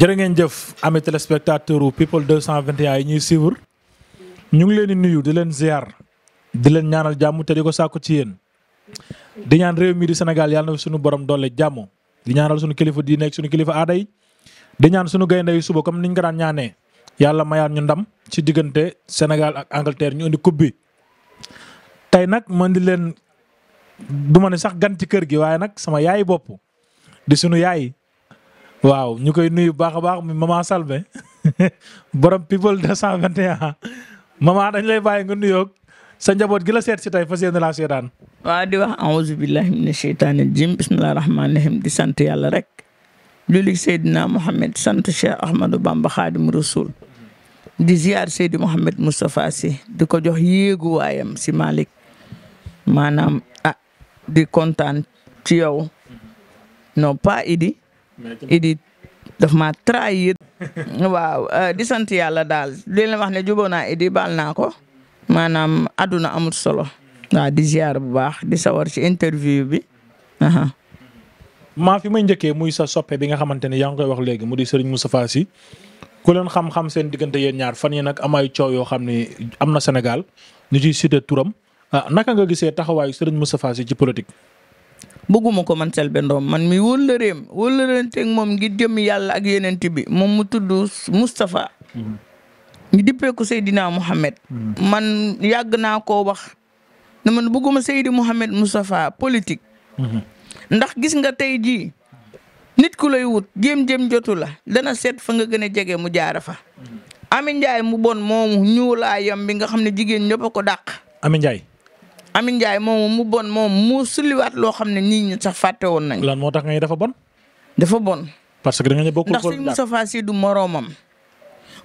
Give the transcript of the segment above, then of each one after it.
jërë ngeen jëf ami téléspectateur u people 221 yi ñuy suivre ñu ngi leen di nuyu di leen ziar di leen ñaanal jàmm te di ko sàkku ci yéen di ñaan réew mii di Sénégal yàlla na suñu borom doole jàmm di ñaanal suñu kilifa di nekk suñu kilifa aada yi di ñaan suñu gaynde yu suba comme niñ ko daan ñaanee yàlla mayaat ñu ndam ci diggante Sénégal ak Angleterre ñu indi coupe bi tey nag man di leen du ma ne sax gan ci kër gi waaye nag sama yaay bopp di suñu yaay waaw ñu koy nuyu baax a baax mi maman Salbé borom people 221 maman dañ lay bàyyi nga nuyoog sa njaboot gi la seet si tey fas yéene laa seetaan. waaw di wax auzu billahi mina sheytaani rajim bismillahi rahmaani di sant yàlla rek. julli Seydina Mohamed sant Cheikh Ahmadou Bamba Xaadimu Rasul di ziar Seydi Mohamed Moustapha si di ko jox yéegu waayam si Malick maanaam ah di kontaan ci yow pas Idi. Idi daf maa trahir. waaw euh, di sant yàlla daal di leen wax ne jubóo naa Idi baal naa ko maanaam àdduna amut solo. waaw di ziar bu baax di sawar ci interview bi. maa fi may njëkkee muy sa soppe bi nga xamante ne yaa ngi koy wax léegi mu di Serigne Moustapha Sy ku leen xam-xam seen diggante yéen ñaar fan yi nag am ay coow yoo xam ne am na Sénégal ñu ciy cité turam ah, naka nga gisee taxawaayu Serigne Moustapha Sy ci politique. bëgguma ko man Selbé Ndom man mi wëllëreem wëllërenteeg moom ngir jëm yàlla ak yeneen bi moom mu tudd Moustapha mhm. ñu dippee ko Seydina Mouhamed mhm. man yàgg naa koo wax ne man bëgguma Seydi Mouhamed Moustapha politique mhm. ndax gis nga tey jii nit ku lay wut jéem-jéem jotu la dana seet fa nga gën a jege mu jaara fa Ami Ndiaye mu bon moomu ñuulaayam bi nga xam ne jigéen ñëpp ko dàq Amin Ndiaye moom mu bon moom mu sulliwaat loo xam ne nit ñi sax fàtte woon nañ lan moo tax nga dafa bon. dafa bon. parce que da nga bokkul ndax suñu Moustapha Sy du moroomam.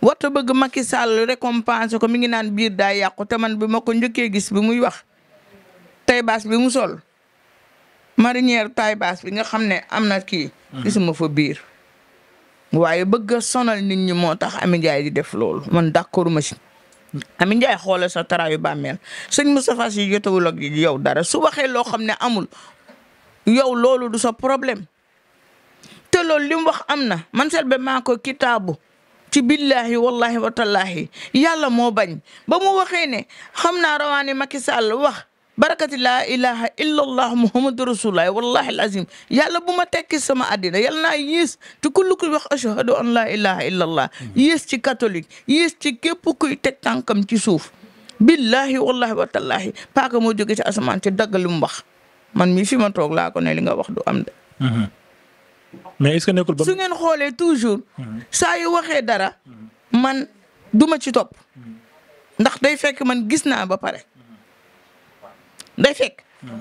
warta bëgg Macky Sall récompense ko mi ngi naan biir daa yàqu te man bi ma ko njëkkee gis bi muy wax. tay bi mu sol. marinière taybaas bi nga xam ne am na kii. Mhm. gisuma fa biir. waaye bëgg a sonal nit ñi moo tax Amin Ndiaye di def loolu man d'accord ma si. Amin Ndiaye xoolal sa taraayu bàmmeel sëñ Moustapha Sy jotewul ak yow dara su waxee loo xam ne amul yow loolu du sa problème te loolu li mu wax am na man Selbé maa ko kitaabu ci billahi wallahi wa tallahi yàlla moo bañ ba mu waxee ne xam naa rawaani Macky Sall wax. barakati laa ilaha illallah muhammadu rasulullah wallahi alazim yàlla bu ma tekki sama àddina yàlla naa yées te kullu kuy wax ashhadu an laa ilaha illallah yées ci catholique yées ci képp kuy teg tànkam ci suuf billahi wallahi wa tallahi paaka moo jóge ci asamaan ci dagg li man mii fi ma toog laa ko ne li nga wax du am de mhm. mais su ngeen xoolee toujours saa yu waxee dara man duma ci topp mhm. ndax day fekk man gis naa ba pare day fekk.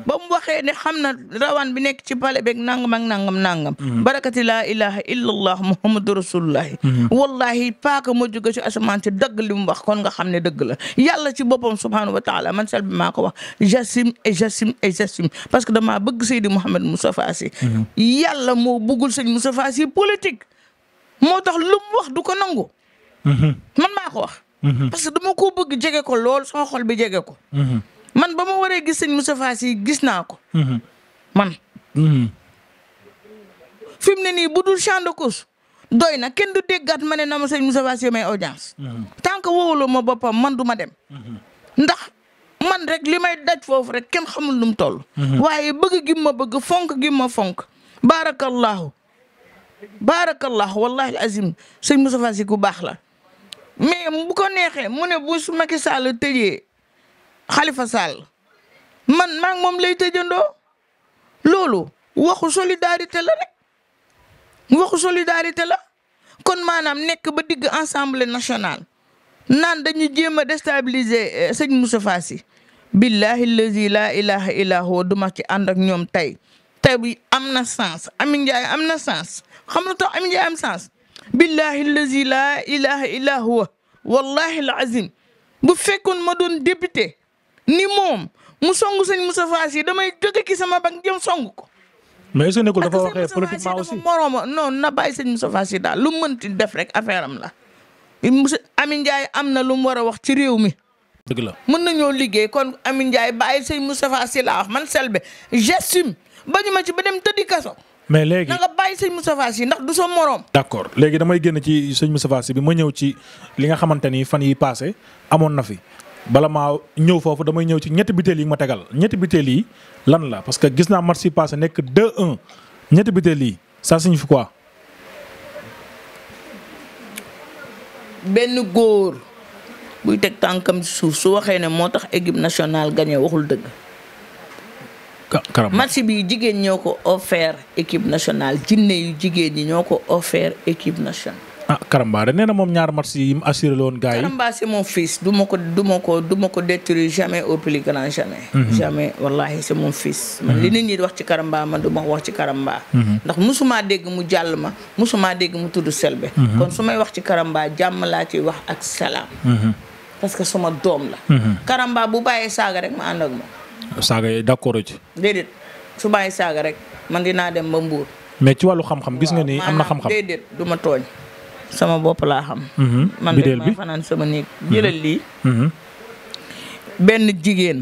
ba mu waxee ne xam na rawaan bi nekk ci pale beeg nangam ak nangam nangam. Mm-hmm. barakati laa ilaha illallah muhammadu rasulullah. Mm-hmm. wallahi paaka moo jóge ci asamaan si dëgg li mu wax kon nga xam ne dëgg la yàlla ci boppam subhaanahu wa taala man Selbé maa ko wax jasim et jasim et jasim parce que damaa bëgg Seydi mu Moustapha Sy. Mm-hmm. yàlla moo bëggul sëñ Moustapha Sy politique. moo tax lu wax du ko nangu. man maa ko wax. parce que dama ko bëgg jege ko lool sama xol bi jege ko. man ba ma waree gis sëñ Moustapha Sy gis naa ko. Mhm. man. Mhm. fi mu ne nii bu dul champ doy na kenn du déggaat ma ne na ma sëñ Moustapha Sy may audience. Mhm. tant que wóoloo ma boppam man du ma dem. ndax man rek li may daj foofu rek kenn xamul lu mu toll. waaye bëgg gi bëgg fonk gi ma fonk. baarakallahu baarakallahu wallahi azim sëñ Moustapha Sy baax la mais bu ko neexee mu ne bu Macky Sall tëjee. Khalifa Sall man maa moom lay tëjandoo loolu waxu solidarité la rek waxu solidarité la kon maanaam nekk ba digg assemblée nationale naan dañu jéem a déstabiliser eh, sëñ Moustapha Sy billahi lazi laa ilaha duma ci ànd ak ñoom tey tey am na sens Amy Ndiaye am na sens xam lu tax Amy Ndiaye am sens billahi lazi laa ilaha illa huwa bu fekkoon ma doon député ni moom mu song sëñ Moustapha Sy damay jóge ki sama bag jëm song ko. mais est-ce que nekkul dafa waxee politiquement aussi morooma non na bàyyi sëñ Moustapha Sy daal lu mu mënti def rek affaire am la. monsieur Amin Ndiaye am na lu mu war a wax ci réew mi. dëgg la mën nañoo liggéey kon Amin Ndiaye bàyyi sëñ Moustapha Sy laa wax man Selbé j'assume bañu ma ci ba dem tëddi kaso. mais léegi na bàyyi sëñ Moustapha Sy ndax du sa morom. d' accord léegi damay génn ci sëñ Moustapha Sy bi ma ñëw ci li nga xamante ni fan yi paase amoon na fi bala maa ñëw foofu damay ñëw ci ñetti butéel yi ma tegal ñetti butéel yi lan la parce que gis naa match yi passé nekk 2-1 ñetti butéel yi ça signifie quoi. benn góor buy teg tànkam ci suuf su waxee ne moo tax équipe nationale gagné waxul dëgg. carrément bi jigéen ñoo ko offert équipe nationale jinne yu jigéen ñi ñoo ko offert équipe nationale. ah Karamba nee moom ñaar match yi mu assuré woon gars yi. Karamba c'est mon fils du ma ko du ko du ma ko détruire jamais au plus grand jamais. Mhm. jamais wallahi c'est mon fils. man li mhm. nit ñi wax ci Karamba man du ma wax ci Karamba. Mhm. ndax musuma dégg mu jàll ma musuma dégg mu tudd Selbé. kon su may wax ci Karamba jàmm laa ci wax ak salaam. parce que sama doom la. Karamba bu bàyyee saaga rek ma ànd ak moom. saaga yi d'accord ci. déedéet su bàyyee saaga rek man dinaa dem ba Mbour. mais ci wàllu xam gis nga ni am na xam ma tooñ. sama bopp laa xam. Mhm. man de maa fanaan sama néeg jëlal mhm. lii. Mhm. benn jigéen.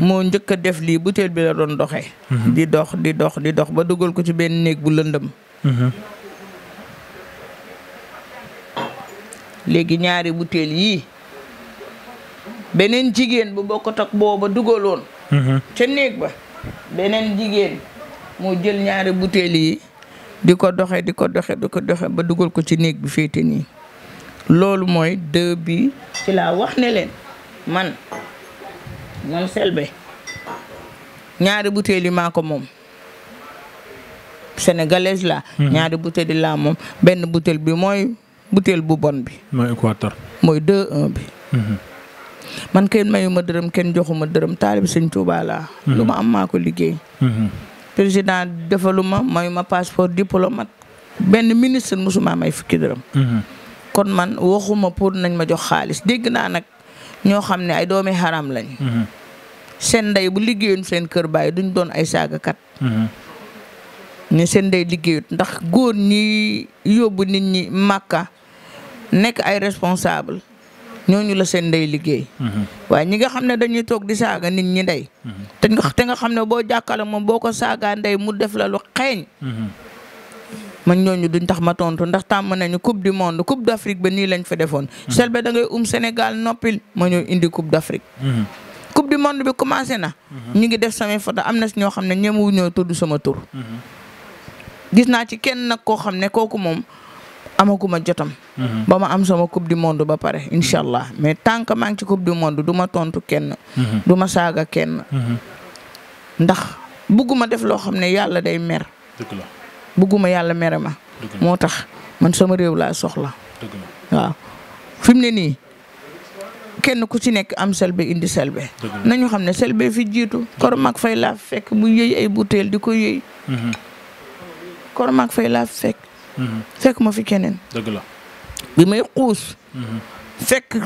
moo njëkk a def lii butéel bi la doon doxee. di dox di dox di dox ba dugal ko ci benn néeg bu lëndëm. léegi ñaari butéel yii beneen jigéen bu bokkut ak dugaloon. ca néeg ba beneen jigéen moo jël ñaari butéel yi. di ko doxe di ko doxe di ko doxe ba dugal ko ci néeg bi féete nii loolu mooy deux bi ci laa wax ne leen man moom Selbé ñaari butéel yi maa ko moom sénégalaise la hmm. ñaari butéel yi laa moom benn butéel bi mooy butéel bu bon bi mooy Équateur mooy bi hmm. man kenn mayu ma dërëm kenn joxuma dërëm taalib sëñ Tuubaa laa hmm. lu ma am maa ko liggéey président defaluma mayuma passeport diplomate benn ministre mosuma may fukki dërëm. Mhm. kon man waxuma pour nañ ma jox xaalis dégg naa nag ñoo xam ne ay doomi xaram lañ. Mhm. seen ndey bu liggéeyuñ seen kër bàyyi duñ doon ay saagakat. Mhm. ne seen ndey liggéeyut ndax góor ñi yóbbu nit ñi makka nekk ay responsable. ñooñu la seen ndey liggéey. Mhm. waaye ñi nga xam ne dañuy toog di saaga nit ñi ndey. Mhm. te nga te nga xam ne boo jàkkaarloo moom boo ko saagaa ndey mu def la lu xeeñ. Mhm. ma ñooñu duñ tax ma tontu ndax tàmm nañu coupe du monde coupe d' Afrique ba nii lañ fa defoon. Selbé da ngay um Sénégal noppil ma ñëw indi coupe d' Afrique. coupe du monde bi commencé na. ñu ngi def samay photo am na si ñoo xam ne ñemewuñoo tudd sama tur. gis naa ci kenn nag koo xam ne kooku moom. amaguma jotam. Mhm. ba ma am sama coupe du monde ba pare incha allah mhm. mais tant que maa ngi ci coupe du monde du ma tontu kenn. Mhm. du ma saaga kenn. ndax bugguma def loo xam ne yàlla day mer. dëgg bugguma yàlla mere ma. moo tax man sama réew laa soxla. waaw fi mu ne nii kenn ku ci nekk am selbe indi selbe. nañu xam ne selbe fi jiitu. mag fay laa fekk mu yëy ay butéel di ko yëy. koromaak fay laa fekk. Mhm. fekk ma fi keneen. dëgg la bi may xuus. Mhm. fekk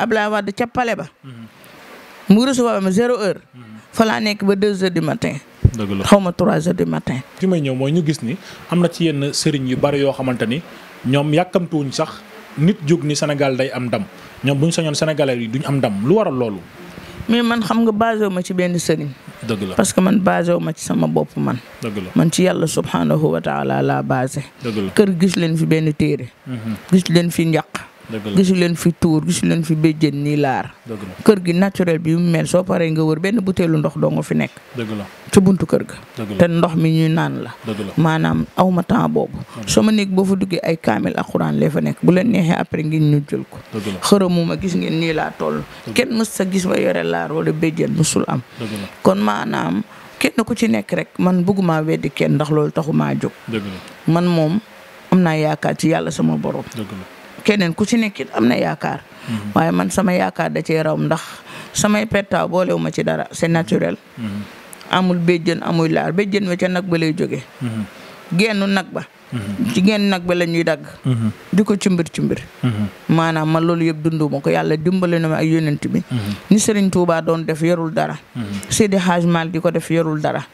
Ablaye Wade ca ba. Mhm. mu recevoir ma zéro heure. fa laa nekk ba deux heures du matin. dëgg xaw ma trois heures du matin. ki may ñëw mooy ñu gis ni am na ci yenn sëriñ yu bari yoo xamante ni ñoom yàkkamtuwuñ sax nit jóg ni senegal day am ndam ñoom bu ñu sañoon sénégalais yi duñ am ndam lu waral loolu. mais man xam nga basé ma ci benn sëriñ. dëgg la parce que man basé wu ma ci sama bopp man. dëgg la man ci yàlla subhanahu wa taala la kër gis leen fi benn téere. Mhm. gis fi njaq. gisu leen fi tuur gisu leen fi béjjën nii laar kër gi naturel bi mu mel soo paree nga wër benn butéelu ndox doo nga fi nekk ci buntu kër ga te ndox mi ñuy naan la maanaam awma temps boobu sama néeg boo fa duggee ay kaamil ak xuraan lee fa nekk bu leen neexee après ngeen ñu jël ko xërëmu ma gis ngeen nii laa toll kenn mës sa gis ma yore laar wala béjjën mësul am kon maanaam kenn ku ci nekk rek man bëgguma weddi kenn ndax loolu taxumaa jóg man moom am naa yaakaar ci yàlla sama borom keneen ku ci nekkit am na yaakaar. Mm-hmm. waaye man sama yaakaar da cee raw ndax samay pettaaw boolewuma ci dara c'est naturel. Mm-hmm. amul béjjën amul laar béjjën wa ca nag ba lay mm-hmm. gennu nag ba mm-hmm. ci genn nag ba la ñuy dagg mm-hmm. di ko cumbir cumbir mm-hmm. maanaam man loolu yëpp dunduma ko yàlla dimbale na ma ak yonent bi ni Serigne Touba doon def yorul dara Seydi Hadj Mal di ko def yorul dara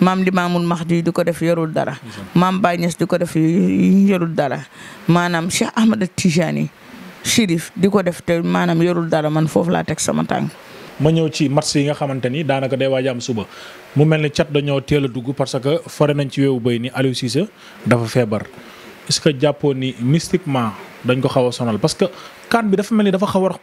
maam Limaamul Mahdi di ko def yorul dara maam Baye Niass di ko def yorul dara maanaam Cheikh Ahmada Tijani Chérif di ko def te maanaam yorul dara man foofu laa teg sama tànk ma ñëw ci match yi nga xamante ni daanaka day waaj am suba mu mel ni cat dañoo teel a dugg parce que fare nañ ci weewu béy ni Aliou Cissé dafa feebar est-ce que jàppoo ni mystiquement dañ ko xaw sonal parce que kan bi dafa mel ni dafa xaw a wax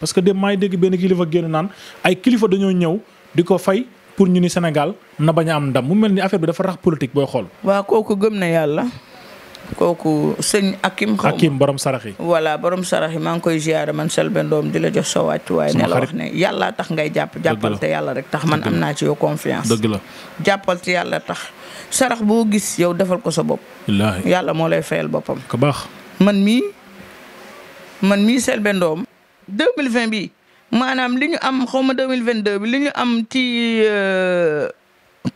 parce que de maay dégg benn kilifa génn naan ay kilifa dañoo ñëw di ko fay pour ñu ni Sénégal na bañ a am ndam mu mel ni affaire bi dafa rax politique booy xool. waaw kooku gëm na yàlla. kooku sëñ Akim. xaw ma Akim borom saraxi. voilà borom saraxi maa ngi koy ziyaara man Selbé Ndom di la jox sa wàccuwaay. ne la wax ne yàlla tax ngay jàpp. jàppal te yàlla rek tax man am naa ci yow confiance. dëgg la jàppal te yàlla tax. sarax boo gis yow defal ko sa bopp. wallaahi yàlla moo lay fayal boppam. ka baax man mii man mii Selbé mille 2020 bi maanaam li ñu am xaw ma deux mille vingt 2022 bi li ñu am ci euh,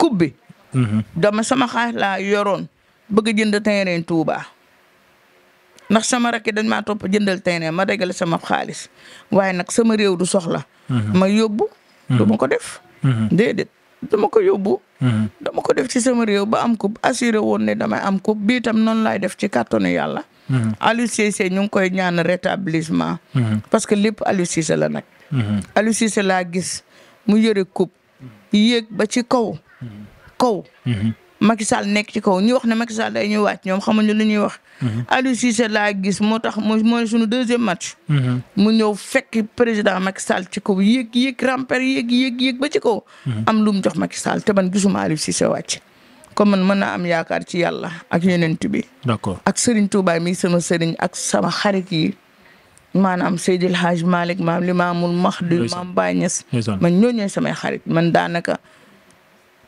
coupe bi. Mhm. dama sama xaalis laa yoroon. bëgg jënd terrain Touba ndax sama rakk dañ maa topp jëndal terrain ma dégale sama xaalis waaye nag sama réew du soxla. Mhm. ma yóbbu. Mhm. du ma ko def. Mhm. déedéet dama ko yóbbu. dama ko def ci sama réew ba am coupe assuré woon ne damay am coupe bii tam noonu laay def ci kàttanu yàlla. Aliou Cissé ñu ngi koy ñaan rétablissement. parce que lépp Aliou la nag. Aliou laa gis mu yëre coupe. yéeg ba ci kaw. kaw. Macky Sall nekk ci kaw ñu wax ne Macky Sall day ñuy wàcc ñoom xamuñu lu ñuy wax. Mhm. Aliou Cissé laa gis moo tax mooy mooy suñu deuxième match. Mhm. mu ñëw fekk président Macky Sall ci kaw yéeg yéeg ramper yéeg yéeg yéeg ba ci kaw. Mhm. am lu mu jox Macky Sall te man gisuma Aliou Cissé wàcc. comme man mën naa am yaakaar ci yàlla ak yonent bi. d'accord ak Serigne Touba mi sama Serigne ak sama xarit yi. maanaam Seydil Hadj Malick maam Limaamul Mahdi maam Baye Niass. man ñooñu ñooy samay xarit man daanaka.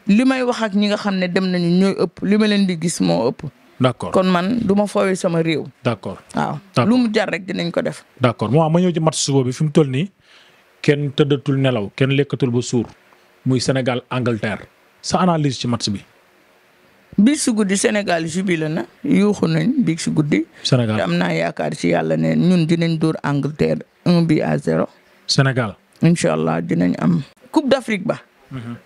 li may wax ak ñi nga xam ne dem nañu ñooy ëpp li ma leen di gis moo ëpp. d' accord kon man du ma foowee sama réew. d' accord waaw lu mu jar rek dinañ ko def. d' accord moo ma ñëw ci match suba bi fi toll nii kenn tëddatul nelaw kenn lekkatul ba suur muy Sénégal Angleterre sa analyse ci match bi. biig si guddi Sénégal jubile na yuuxu nañ biig si guddi. Sénégal am naa yaakaar ci yàlla ne ñun dinañ dóor Angleterre un but à zéro. Sénégal. incha allah dinañ am. Coupe d' Afrique ba. Mhm.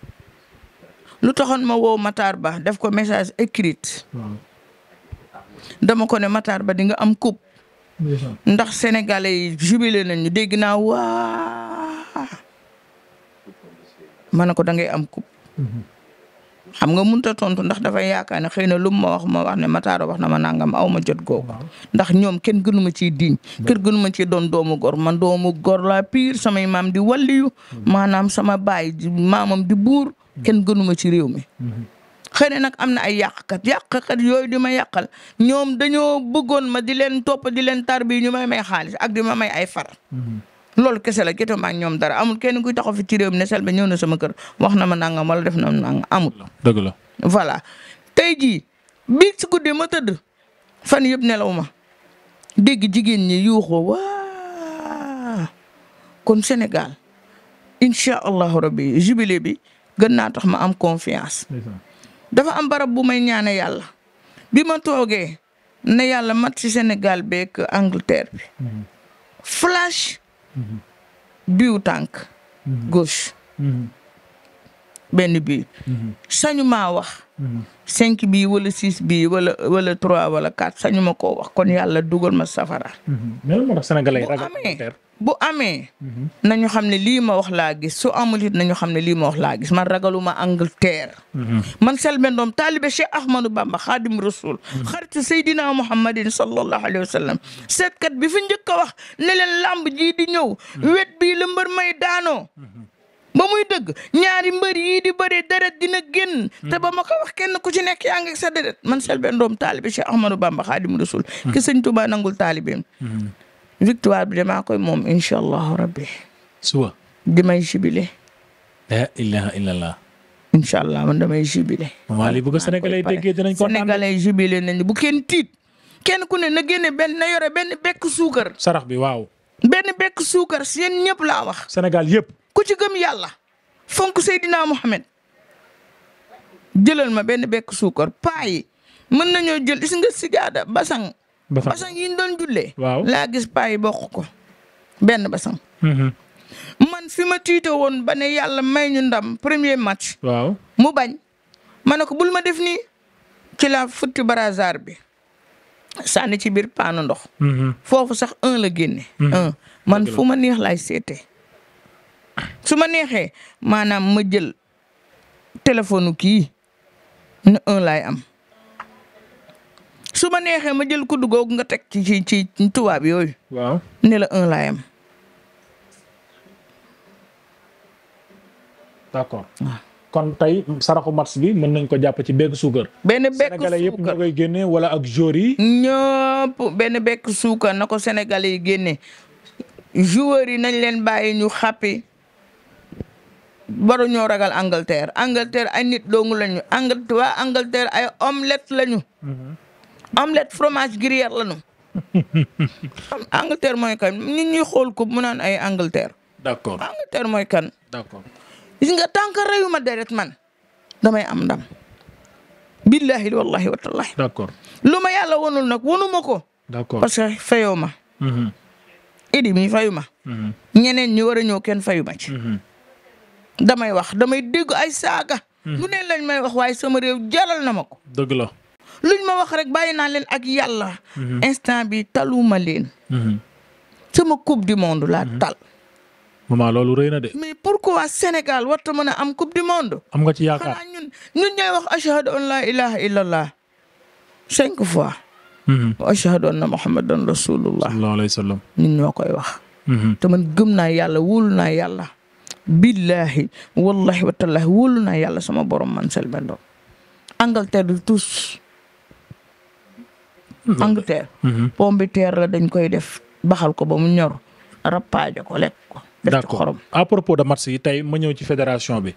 lu taxoon ma woo Matar Ba def ko message écrit dama ko ne Matar Ba di nga am coupe ndax sénégalais yi jubilé nañu dégg naa waa ma ne ko da ngay am coupe mhm. xam nga mënut a tontu ndax dafa yaakaar ne xëy na lu ma wax ma wax ne Matar wax na ma nangam aw ma jot googu ndax ñoom kenn gënu ci ciy diñ kenn gënu ma ciy doon doomu gor man doomu gor la pire samay maam di walliyu mm. maanaam sama baay maamam di buur kenn gënuma ci réew mi. xëy na nag am na ay yàqkat yàqkat yooyu di ma yàqal ñoom dañoo bëggoon ma di leen topp di leen tar bi ñu may may xaalis ak di ma may ay far. loolu kese la jotee ma ak ñoom dara amul kenn kuy taxaw fi ci réew mi ne Selbé ñëw na sama kër wax na ma nangam wala def na ma nangam amul. dëgg la voilà tey jii bii ci ma tëdd fan yëpp nelaw ma dégg jigéen ñi yuuxoo waa kon senegal incha allahu rabbi jubilé bi. gën naa tax ma am confiance. dafa am barab bu may ñaane yàlla bi ma toogee ne yàlla mat ci Sénégal beeg Angleterre bi. Mhm. flash. Mhm. biu tànk. Mhm. gauche. benn bii. sañu maa wax. cinq bii wala six bii wala wala trois wala quatre sañu ma koo wax kon yàlla dugal ma safara. même mm-hmm. moo tax sénégalais ragal bu amee. Mm-hmm. nañu xam ne lii ma wax laa gis su amul it nañu xam ne lii ma wax laa gis man ragaluma Angleterre. Mm-hmm. man Selbé Ndom taalibe Cheikh Ahmadou Bamba Xaadim Rasul. xaritu Seydina Muhammadin sallallahu alayhi wa sallam. seetkat bi fi njëkk a wax ne leen làmb jii di ñëw. wet bii la may daanoo. ba muy dëgg ñaari mbër yii di bëree deret dina génn te ba ma ko kenn ku ci nekk yaa ngi sa deret man Selbé Ndom taalibe Cheikh Ahmadou Bamba Xaadimu Rasul ki sëñ Tuubaa nangul taalibeem victoire bi damaa koy moom incha allahu rabbi suba damay jubilé la ilaha illallah incha allah man damay jubilé waa li bëgg sénégalais déggee dinañ ko sénégalais bu kenn tiit kenn ku ne na génne benn na yore benn bekk suukar sarax bi waaw benn bekk suukar si yéen ñëpp la wax senegal yëpp ku ci gëm yàlla fonk Seydina Mohamed jëlal ma benn bekk suukar paa yi mën nañoo jël gis nga sigaada basang. basang basang doon jullee. waaw laa gis yi bokk ko benn basang. Mm-hmm. man fi ma tiite woon ba ne yàlla may ñu ndam premier match. mu bañ ma ne ko bul ma def nii ci la futti barazaar bi sànni ci biir paanu ndox. Mm-hmm. foofu sax un la génne. Mm-hmm. man fu ma neex laay seetee. su ma neexee maanaam ma jël téléphone kii ne un laay am su ma neexee ma jël kuddu googu nga teg ci ci ci tubaab yooyu. waaw ne la un laay am. kon tey saraxu match bi mën nañ ko jàpp ci bekk suukar. benn bekk suukar sénégalais yëpp ak joueurs benn bekk suukar na ko sénégalais yi génne joueurs yi nañ leen bàyyi ñu xàppi waruñoo ragal Angleterre Angleterre ay nit doongu lañu Angleterre waa Angleterre ay omelette lañu. Mm-hmm. omelette fromage gruyère lañu. Angleterre mooy kan nit ñi xool ko mu naan ay Angleterre. d'accord Angleterre mooy kan. d'accord gis nga tant que reyuma deret man damay am ndam. billahi wallahi wa tallahi. d'accord lu ma yàlla wonul nag wonuma ko. d'accord parce que fayoo ma. Mm-hmm. idi mi fayuma. Mm-hmm. ñeneen ñi war a ñëw kenn fayuma ci. damay wax damay dégg ay saaga. Hmm. lu ne may wax waaye sama réew jaral na ma ko. dëgg la. luñ ma wax rek bàyyi naa leen ak yàlla. Hmm. instant bi ma leen. Hmm. sama coupe du monde la tal. maman loolu rëy na de. mais pourquoi Sénégal warta mën a am coupe du monde. am nga ci yaakaar xanaa ñun ñun wax ashhadu an laa ilaha illallah cinq fois. wa ashhadu anna muhammadan rasulullah. sallallahu alayhi koy wax. te gëm naa yàlla wóolu naa yàlla. billaahi wallahi watallaahi wóolu naa yàlla sama borom man Selbé Ndom Angleterre du tous Angleterre mm-hmm. pombi terre la dañ koy def baxal ko ba mu ñor rappaajo ko lekk ko def ci de match yi tey ma ñëw ci fédération bi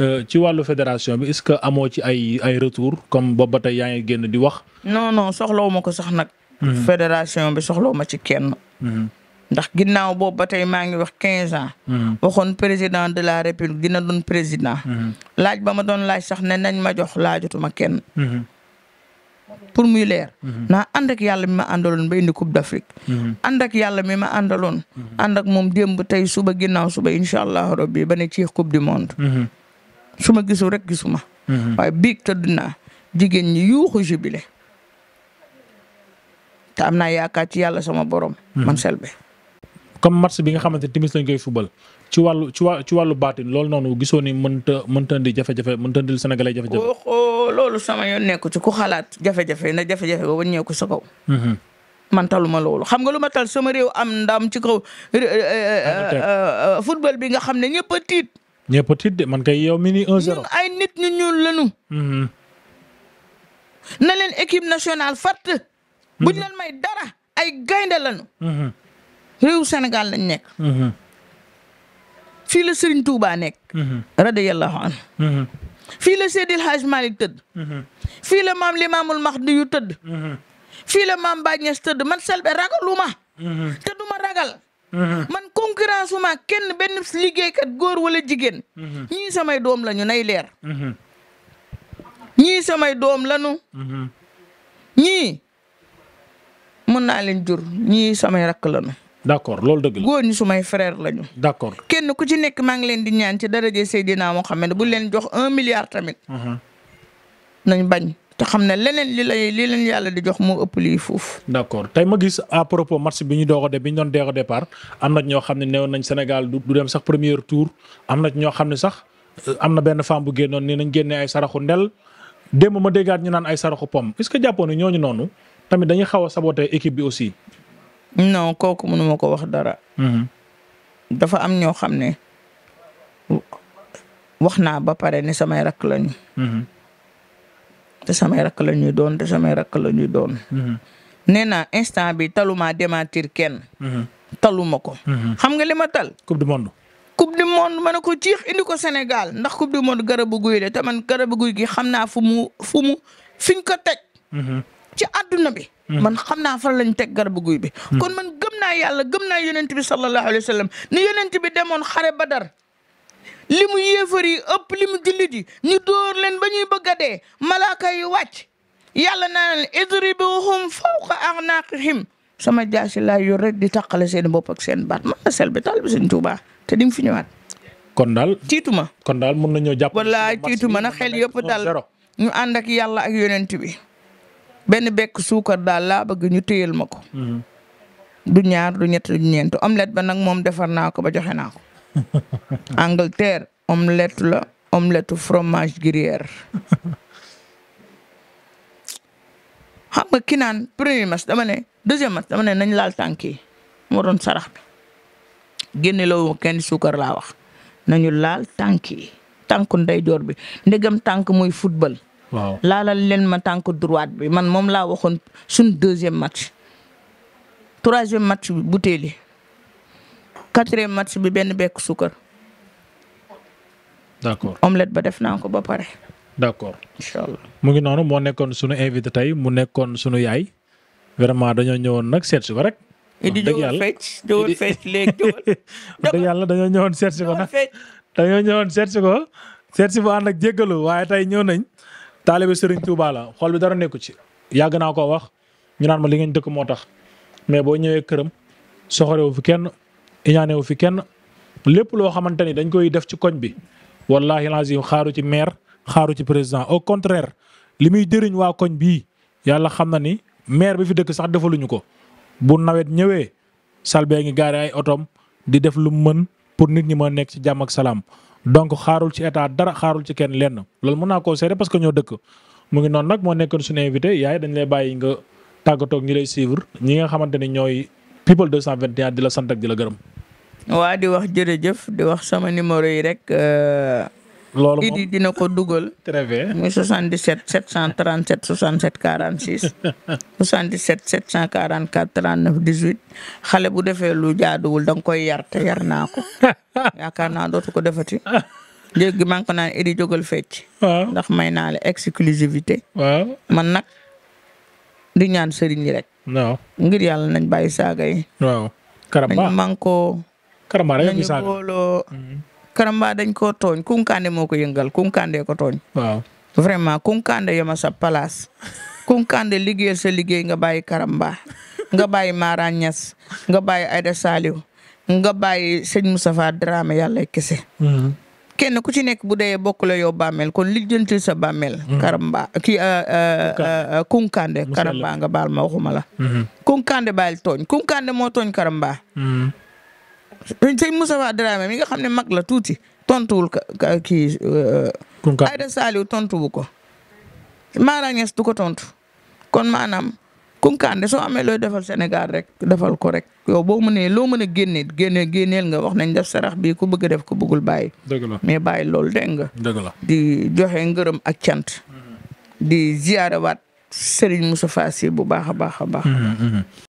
euh, ci wàllu fédération bi est-ce que amoo ci ay ay retour comme boobu ba tey yaa ngi génn di wax non non ko sax nag mm-hmm. fédération bi soxlawu ci kenn mm-hmm. ndax ginnaaw boobu ba tey maa ngi wax quinze ans. Mm-hmm. waxoon président de la république dina doon président. Mm-hmm. laaj ba ma doon laaj sax ne nañ ma jox ma kenn. Mm-hmm. pour muy leer. na ànd ak yàlla mi ma àndaloon ba indi coupe d'Afrique. ànd ak yàlla mi ma àndaloon. ànd ak moom démb tey suba ginnaaw suba incha allahu rabbi ba ne ci coupe du monde. su ma gisul rek gisuma. waaye biig tëdd naa jigéen ñi yuuxu jubile. te am naa yaakaar ci yàlla sama borom. man Selbé. comme match bi nga xamante timis lañ koy football ci wàllu ci wà ci wàllu baatin loolu noonu gisoo ni mënta mënta di jafe-jafe mënta di sénégalais jafe-jafe. Oh, oh, loolu sama yoon nekku ci ku xalaat jafe-jafe na jafe-jafe ba bañ ñeeku sa kaw. Mm-hmm. man taluma loolu xam nga lu ma tal sama réew am ndam ci kaw. Euh, euh, euh, football bi nga xam ne ñëpp a tiit. ñëpp tiit de man kay yow mi ni 1-0. ñun ay nit ñu ñuul lañu. Mm-hmm. na leen équipe nationale fàtt. Mm-hmm. buñ leen may dara ay gaynde lañu. réew senegal lañ nekk. Mm-hmm. fii la Serigne Touba nekk. Mm-hmm. radiyallahu anhu. Mm-hmm. fii la Seydil Hadj Malick tëdd. fii la maam Limaamul Mahdi yu tëdd. fii la mam Baay Ñas tëdd man Selbé ragaluma. te ma ragal. man concurrence su ma kenn benn liggéeykat góor wala jigéen. ñii samay doom lañu nay leer. ñii samay doom lañu. ñii mun naa leen jur ñii samay rakk d' accord loolu dëgg la góor ñi sumay frère lañu. d' kenn ku ci nekk maa ngi leen di ñaan ci moo xam ne bu leen jox un milliard tamit. Mhm. nañ bañ te xam ne leneen li lay li leen yàlla di jox moo ëpp lii foofu. d' tey ma gis à propos match bi ñu doog def de bi ñu doon deex a départ am na ñoo xam ne neewoon nañ Sénégal du dem sax premier tour am na ñoo xam ne sax euh, am na benn femme bu génnoon ni nañ génnee ay saraxu ndel démb ma déggaat ñu naan ay saraxu pomme est ce que jàppoon ne ñooñu noonu tamit dañuy xaw a saboté bi aussi. non kooku mënuma ko wax dara. Mm-hmm. dafa am ñoo xam ne wax naa ba pare ne samay rakk lañu. Mm-hmm. te samay rakk la ñuy doon te samay rakk la doon. Mm-hmm. nee naa instant bi taluma démentir kenn. taluma ko. xam nga lima ma tal. coupe du monde. coupe ma ne ko ciix indi ko Sénégal ndax coupe du monde garabu guy de te man garabu guy gi xam naa fu mu fu mu fiñ ko teg. ci àdduna bi. Hmm. man xam naa fan lañ teg garabu guy bi. Hmm. kon man gëm naa yàlla gëm naa yonent bi sallallahu alayhi wa sallam ni yonent bi demoon xare badar li mu yéefar ëpp li mu jullit yi ñu dóor leen ba ñuy bëgg a dee malaaka yi wàcc yàlla naa leen idribuhum fawqa a'naqihim sama jaasi laa yor rek di taqale seen bopp ak seen baat man la sel bi taal bi seen Tuubaa te di nga fi ñëwaat. kon daal tiituma kon daal mun nañoo jàpp. wallaahi tiituma na xel yëpp dal ñu ànd ak yàlla ak yonent bi. benn bekk suukar daal laa bëgg ñu téyel ma ko. du ñaar du ñett ñeent omelette ba nag moom defar naa ko ba joxe naa ko. Angleterre omelette la omelette fromage gruyère. xam nga ki naan premier match dama ne deuxième match dama ne nañ laal tànk yi moo doon sarax bi génne loo kenn suukar laa wax nañu laal tànk yi tànku ndeyjoor bi ndegam tànk muy football. waaw laalal leen ma tànk droite bi man moom laa waxoon suñ deuxième match. troisième match bi butéeli quatrième match bi benn bekk suukar. d'accord omelette ba def naa ko ba pare. d'accord incha allah mu ngi noonu moo nekkoon sunu invité tey mu nekkoon sunu yaay vraiment dañoo ñëwoon nag seet si ko rek. di jógul fecc jógul fecc léegi yàlla dañoo ñëwoon seet si ko nag seet si ko seet si bu ànd ak waaye tey ñëw nañ. taalibe Serigne Touba la xol bi dara nekku ci yàgg naa koo wax ñu naan ma li ngeen dëkk moo tax mais boo ñëwee këram soxorewu fi kenn iñaanewu fi kenn lépp loo xamante ni dañ koy def ci koñ bi wallahi lazim xaaru ci maire xaaru ci président au contraire li muy jëriñ waa koñ bii yàlla xam na ni maire bi fi dëkk sax defaluñu ko bu nawet ñëwee salbee ngi gaare ay otoom di def lu mën pour nit ñi mën nekk ci jàmm ak salaam donc xaarul ci état dara xaarul ci kenn lenn loolu mën naa koo seere parce que ñoo dëkk mu ngi noonu nag moo nekkoon suñu invité yaay dañ lay bàyyi nga tàggatoo ak ñi lay suivre ñi nga xamante ni ñooy people 221 di la sant ak di la gërëm. waa di wax jëf di wax sama numéro yi rek. Euh, loolu moom Idi dina ko dugal. très bien muy 77 737 67 46. 77 744 39 18 xale bu defee lu jaaduwul da nga koy yar te naa ko yaakaar naa dootu ko defati. léegi maa ngi ko naan Idi jógal fecc. ndax may naa la exclusivité. waaw man nag di ñaan sëriñ yi rek. ngir yàlla nañ bàyyi saaga yi. nañ man ko. karamba Karamba dañ koo tooñ Kunkande moo ko yëngal Kunkande ko tooñ. waaw vraiment Kunkande yema sa place Kunkande liggéeyal sa liggéey nga bàyyi Karamba nga bàyyi Mara Niass nga bàyyi Aida Saliou nga bàyyi sëñ Moustapha Dramé yàlla kese. Mm-hmm. kenn ku ci nekk bu dee bokk la yow bàmmeel kon lijjantil sa bàmmeel. Mm-hmm. Karamba kii euh, euh, Kunkande euh, Karamba nga baal ma waxuma la. Mm-hmm. Kunkande bàyyil tooñ Kunkande moo tooñ Karamba. sëñ Moustapha Dramé mi nga xam ne mag la tuuti tontuwul ka kii. Euh, Koungheul Aïda Saliou tontuwu ko. Mara ngees du ko tontu kon maanaam Koungheul soo amee looy defal Sénégal rek defal ko rek yow boo mënee loo mën a génne génne génneel nga wax nañ def sarax bi ku bëgg def ko bëggul bàyyi. dëgg la mais bàyyi loolu dégg nga. dëgg la di joxe ngërëm ak cant. Mm-hmm. di ziyaarawaat Serigne Moustapha Sy bu baax a baax a baax. Mm-hmm, mm-hmm.